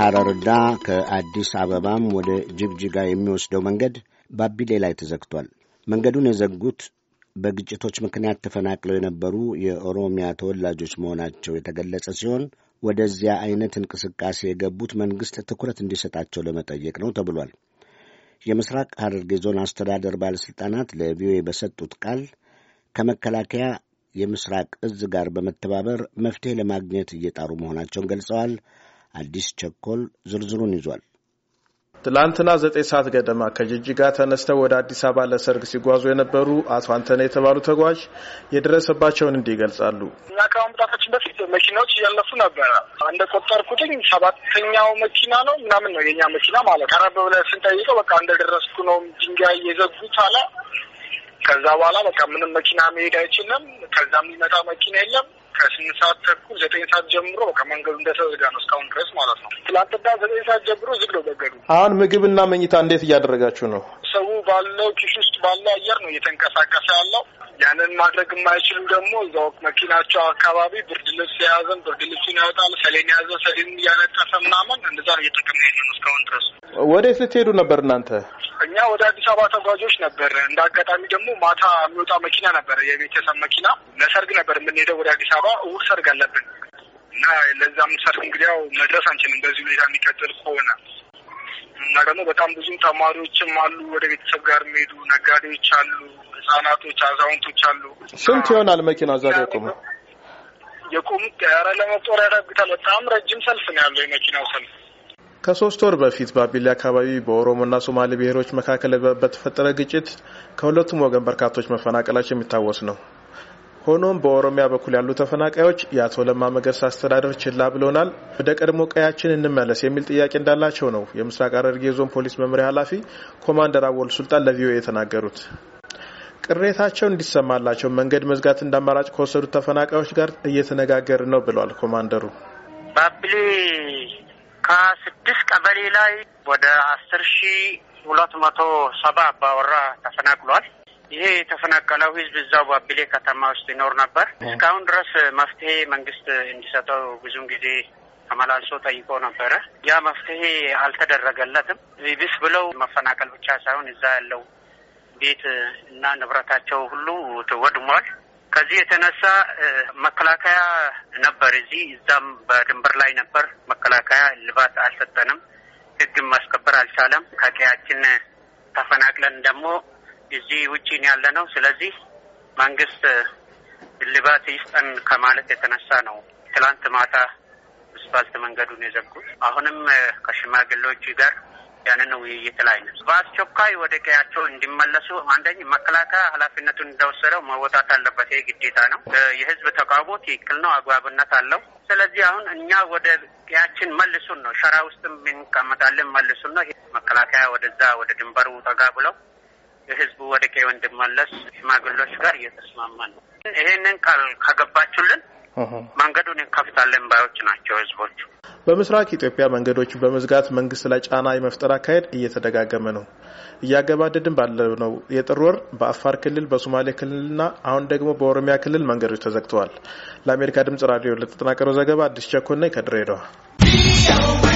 ሐረርና ከአዲስ አበባም ወደ ጅግጅጋ የሚወስደው መንገድ ባቢሌ ላይ ተዘግቷል። መንገዱን የዘጉት በግጭቶች ምክንያት ተፈናቅለው የነበሩ የኦሮሚያ ተወላጆች መሆናቸው የተገለጸ ሲሆን ወደዚያ አይነት እንቅስቃሴ የገቡት መንግሥት ትኩረት እንዲሰጣቸው ለመጠየቅ ነው ተብሏል። የምስራቅ ሐረርጌ ዞን አስተዳደር ባለሥልጣናት ለቪኦኤ በሰጡት ቃል ከመከላከያ የምስራቅ እዝ ጋር በመተባበር መፍትሄ ለማግኘት እየጣሩ መሆናቸውን ገልጸዋል። አዲስ ቸኮል ዝርዝሩን ይዟል። ትላንትና ዘጠኝ ሰዓት ገደማ ከጅጅጋ ተነስተው ወደ አዲስ አበባ ለሰርግ ሲጓዙ የነበሩ አቶ አንተነ የተባሉ ተጓዥ የደረሰባቸውን እንዲህ ይገልጻሉ። እኛ ከመምጣታችን በፊት መኪናዎች እያለፉ ነበረ። እንደ ቆጠርኩትኝ ሰባተኛው መኪና ነው ምናምን ነው የኛ መኪና ማለት። ቀረብ ብለን ስንጠይቀው በቃ እንደደረስኩ ነው ድንጋይ የዘጉት አለ። ከዛ በኋላ በቃ ምንም መኪና መሄድ አይችልም። ከዛ የሚመጣ መኪና የለም ከስምንት ሰዓት ተኩል ዘጠኝ ሰዓት ጀምሮ ከመንገዱ እንደተዘጋ ነው እስካሁን ድረስ ማለት ነው። ትላንትና ዘጠኝ ሰዓት ጀምሮ ዝግ ነው መንገዱ። አሁን ምግብና መኝታ እንዴት እያደረጋችሁ ነው? ሰው ባለው ኪሽ ውስጥ ባለው አየር ነው እየተንቀሳቀሰ ያለው። ያንን ማድረግ የማይችልም ደግሞ እዛው መኪናቸው አካባቢ ብርድ ልብስ የያዘን ብርድ ልብሱን ያወጣል፣ ሰሌን የያዘ ሰሌን እያነጠፈ ምናምን እንደዛ ነው እስካሁን ድረስ። ወዴት ልትሄዱ ነበር እናንተ? እኛ ወደ አዲስ አበባ ተጓዦች ነበር። እንደ አጋጣሚ ደግሞ ማታ የሚወጣ መኪና ነበር፣ የቤተሰብ መኪና። ለሰርግ ነበር የምንሄደው ወደ አዲስ አበባ። እሑድ ሰርግ አለብን እና ለዛም ሰርግ እንግዲያው መድረስ አንችልም በዚህ ሁኔታ የሚቀጥል ከሆነ እና ደግሞ በጣም ብዙ ተማሪዎችም አሉ፣ ወደ ቤተሰብ ጋር የሚሄዱ ነጋዴዎች አሉ፣ ህጻናቶች፣ አዛውንቶች አሉ። ስንት ይሆናል መኪና እዛ ላይ ቆመ የቆሙ ጋራ ለመጦር ያዳግታል። በጣም ረጅም ሰልፍ ነው ያለው የመኪናው ሰልፍ። ከሶስት ወር በፊት በአቢሌ አካባቢ በኦሮሞና ሶማሌ ብሔሮች መካከል በተፈጠረ ግጭት ከሁለቱም ወገን በርካቶች መፈናቀላቸው የሚታወስ ነው። ሆኖም በኦሮሚያ በኩል ያሉ ተፈናቃዮች የአቶ ለማ መገርስ አስተዳደር ችላ ብሎናል፣ ወደ ቀድሞ ቀያችን እንመለስ የሚል ጥያቄ እንዳላቸው ነው የምስራቅ ሐረርጌ ዞን ፖሊስ መምሪያ ኃላፊ ኮማንደር አወል ሱልጣን ለቪኦኤ የተናገሩት። ቅሬታቸው እንዲሰማላቸው መንገድ መዝጋት እንዳማራጭ ከወሰዱት ተፈናቃዮች ጋር እየተነጋገር ነው ብሏል ኮማንደሩ። ባብሌ ከስድስት ቀበሌ ላይ ወደ አስር ሺ ሁለት መቶ ሰባ አባወራ የተፈናቀለው ህዝብ እዛው ባቢሌ ከተማ ውስጥ ይኖር ነበር። እስካሁን ድረስ መፍትሄ መንግስት እንዲሰጠው ብዙም ጊዜ ተመላልሶ ጠይቆ ነበረ። ያ መፍትሄ አልተደረገለትም። ቢስ ብለው መፈናቀል ብቻ ሳይሆን እዛ ያለው ቤት እና ንብረታቸው ሁሉ ወድሟል። ከዚህ የተነሳ መከላከያ ነበር እዚህ እዛም በድንበር ላይ ነበር። መከላከያ ልባት አልሰጠንም። ህግም ማስከበር አልቻለም። ከቀያችን ተፈናቅለን ደግሞ እዚህ ውጪን ያለ ነው። ስለዚህ መንግስት እልባት ይስጠን ከማለት የተነሳ ነው ትላንት ማታ አስፋልት መንገዱን የዘጉት። አሁንም ከሽማግሌዎች ጋር ያንን ውይይት ላይ ነው። በአስቸኳይ ወደ ቀያቸው እንዲመለሱ አንደኝ መከላከያ ኃላፊነቱን እንደወሰደው መወጣት አለበት። ይህ ግዴታ ነው። የህዝብ ተቃውሞ ትክክል ነው፣ አግባብነት አለው። ስለዚህ አሁን እኛ ወደ ቀያችን መልሱን ነው፣ ሸራ ውስጥም እንቀመጣለን መልሱን ነው። መከላከያ ወደዛ ወደ ድንበሩ ጠጋ ብለው ህዝቡ ወደ ቀዬ እንድመለስ ሽማግሎች ጋር እየተስማማ ነው። ይሄንን ቃል ካገባችሁልን መንገዱን እንከፍታለን ባዮች ናቸው ህዝቦቹ። በምስራቅ ኢትዮጵያ መንገዶች በመዝጋት መንግስት ላይ ጫና የመፍጠር አካሄድ እየተደጋገመ ነው። እያገባደድን ባለው ነው የጥር ወር በአፋር ክልል፣ በሶማሌ ክልልና አሁን ደግሞ በኦሮሚያ ክልል መንገዶች ተዘግተዋል። ለአሜሪካ ድምጽ ራዲዮ ለተጠናቀረው ዘገባ አዲስ ቸኮና ከድሬዳዋ